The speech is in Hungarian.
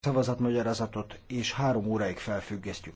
szavazatmagyarázatot, és három óráig felfüggesztjük.